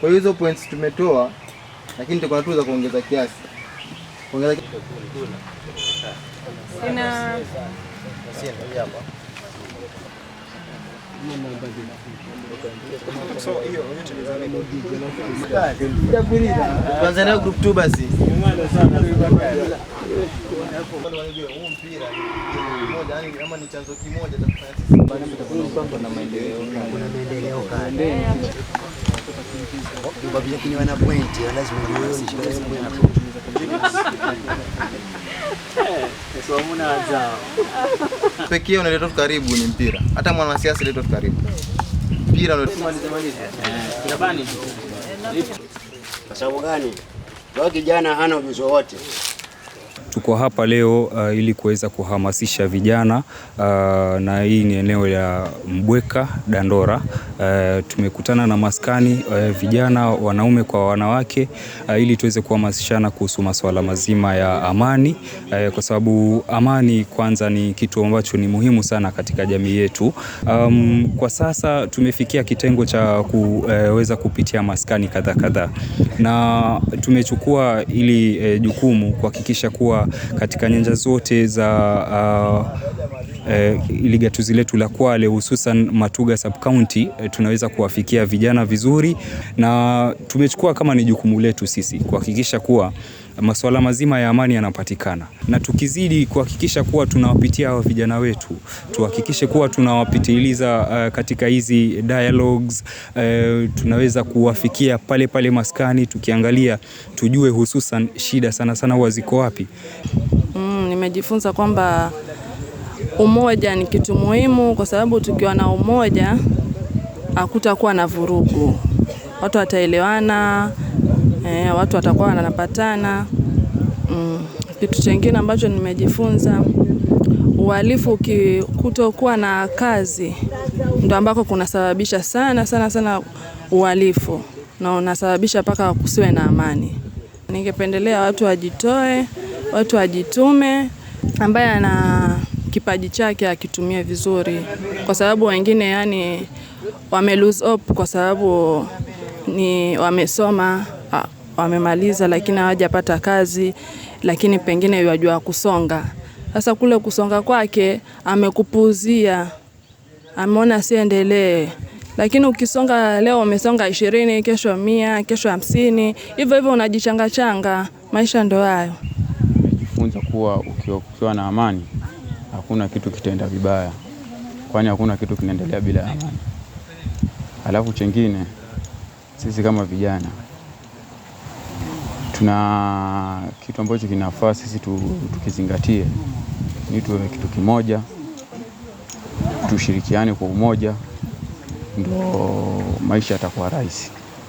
Kwa hiyo hizo points tumetoa, lakini tuko hatua kuongeza kiasi, kuongeza kiasi sina Tanzania group 2 basi wanajua huu mpira moja, yani ni chanzo kimoja cha kufanya sisi maendeleo, kuna maendeleo kale point, lazima pekee unaleta karibu ni mpira. Hata mwanasiasa leta karibu mpira, kwa sababu gani? Wao kijana hana ujuzi wowote Tuko hapa leo uh, ili kuweza kuhamasisha vijana uh, na hii ni eneo ya Mbweka Dandora Eh, tumekutana na maskani uh, vijana wanaume kwa wanawake uh, ili tuweze kuhamasishana kuhusu masuala mazima ya amani uh, kwa sababu amani kwanza ni kitu ambacho ni muhimu sana katika jamii yetu. Um, kwa sasa tumefikia kitengo cha kuweza uh, kupitia maskani kadha kadha, na tumechukua ili uh, jukumu kuhakikisha kuwa katika nyanja zote za uh, eh, ili gatuzi letu la Kwale hususan Matuga sub county eh, tunaweza kuwafikia vijana vizuri, na tumechukua kama ni jukumu letu sisi kuhakikisha kuwa masuala mazima ya amani yanapatikana, na tukizidi kuhakikisha kuwa tunawapitia hawa vijana wetu, tuhakikishe kuwa tunawapitiliza uh, katika hizi dialogues uh, tunaweza kuwafikia pale pale maskani, tukiangalia tujue hususan shida sana sana huwa ziko wapi. Mm, nimejifunza kwamba umoja ni kitu muhimu, kwa sababu tukiwa na umoja hakutakuwa na vurugu, watu wataelewana, e, watu watakuwa wanapatana. Mm. Kitu chengine ambacho nimejifunza uhalifu kutokuwa na kazi ndo ambako kunasababisha sana sana sana uhalifu na unasababisha mpaka kusiwe na amani. Ningependelea watu wajitoe, watu wajitume, ambaye ana kipaji chake akitumia vizuri, kwa sababu wengine yani wame lose up kwa sababu ni wamesoma wamemaliza, lakini hawajapata kazi, lakini pengine yajua kusonga. Sasa kule kusonga kwake amekupuuzia, ameona siendelee lakini ukisonga leo umesonga ishirini, kesho mia, kesho hamsini, hivyo hivyo unajichangachanga. Maisha ndo hayo, funza kuwa ukiwa na amani hakuna kitu kitaenda vibaya, kwani hakuna kitu kinaendelea bila amani. Alafu chengine, sisi kama vijana tuna kitu ambacho kinafaa sisi tukizingatie ni tuwe kitu kimoja, tushirikiane kwa umoja, ndo maisha yatakuwa rahisi.